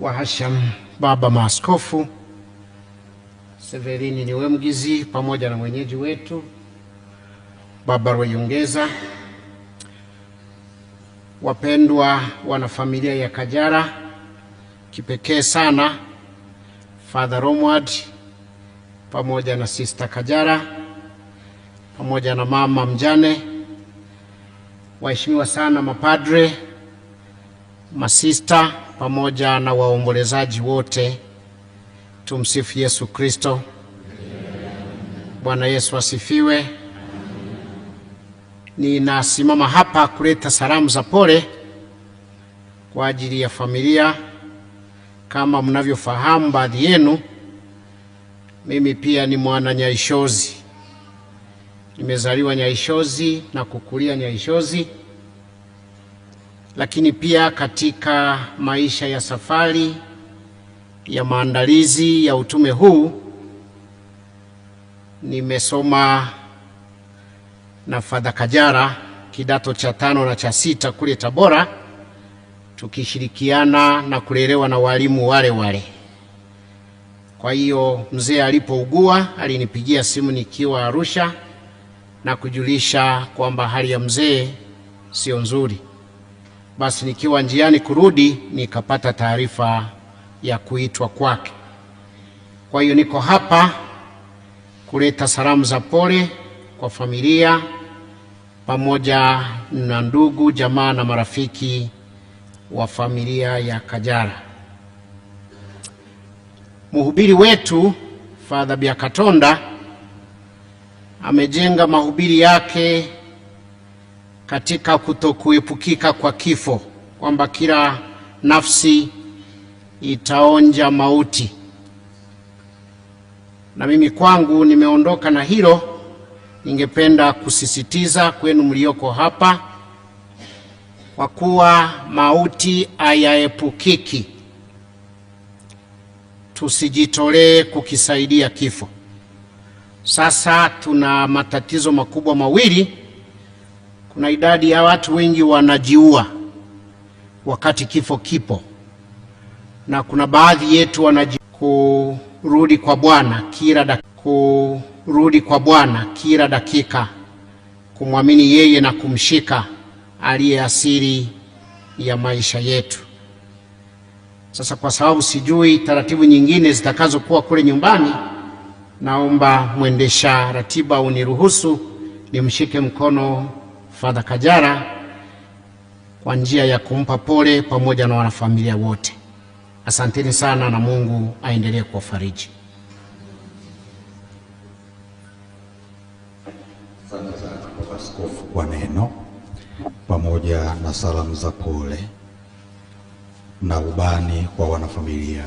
wa Hasham, baba maaskofu Severini Niwemgizi pamoja na mwenyeji wetu baba Rweyongeza, wapendwa wanafamilia ya Kajara, kipekee sana Father Romward pamoja na Sister Kajara pamoja na mama mjane, waheshimiwa sana mapadre, masista pamoja na waombolezaji wote. Tumsifu Yesu Kristo. Bwana Yesu asifiwe. Ninasimama hapa kuleta salamu za pole kwa ajili ya familia. Kama mnavyofahamu baadhi yenu, mimi pia ni mwana Nyaishozi, nimezaliwa Nyaishozi na kukulia Nyaishozi lakini pia katika maisha ya safari ya maandalizi ya utume huu nimesoma na Fadha Kajara kidato cha tano na cha sita kule Tabora, tukishirikiana na kulelewa na walimu wale wale. Kwa hiyo mzee alipougua alinipigia simu nikiwa Arusha na kujulisha kwamba hali ya mzee sio nzuri. Basi nikiwa njiani kurudi nikapata taarifa ya kuitwa kwake. Kwa hiyo niko hapa kuleta salamu za pole kwa familia pamoja na ndugu jamaa na marafiki wa familia ya Kajala. Mhubiri wetu Father biakatonda amejenga mahubiri yake katika kutokuepukika kwa kifo, kwamba kila nafsi itaonja mauti. Na mimi kwangu nimeondoka na hilo. Ningependa kusisitiza kwenu mlioko hapa, kwa kuwa mauti hayaepukiki, tusijitolee kukisaidia kifo. Sasa tuna matatizo makubwa mawili kuna idadi ya watu wengi wanajiua wakati kifo kipo, na kuna baadhi yetu wanaji kurudi kwa Bwana kila kurudi kwa Bwana kila dakika, kumwamini yeye na kumshika aliye asili ya maisha yetu. Sasa kwa sababu sijui taratibu nyingine zitakazokuwa kule nyumbani, naomba mwendesha ratiba uniruhusu nimshike mkono Fadha kajara kwa njia ya kumpa pole pamoja na wanafamilia wote. Asanteni sana na Mungu aendelee kuwafariji. kwa askofu kwa neno pamoja na salamu za pole na ubani kwa wanafamilia.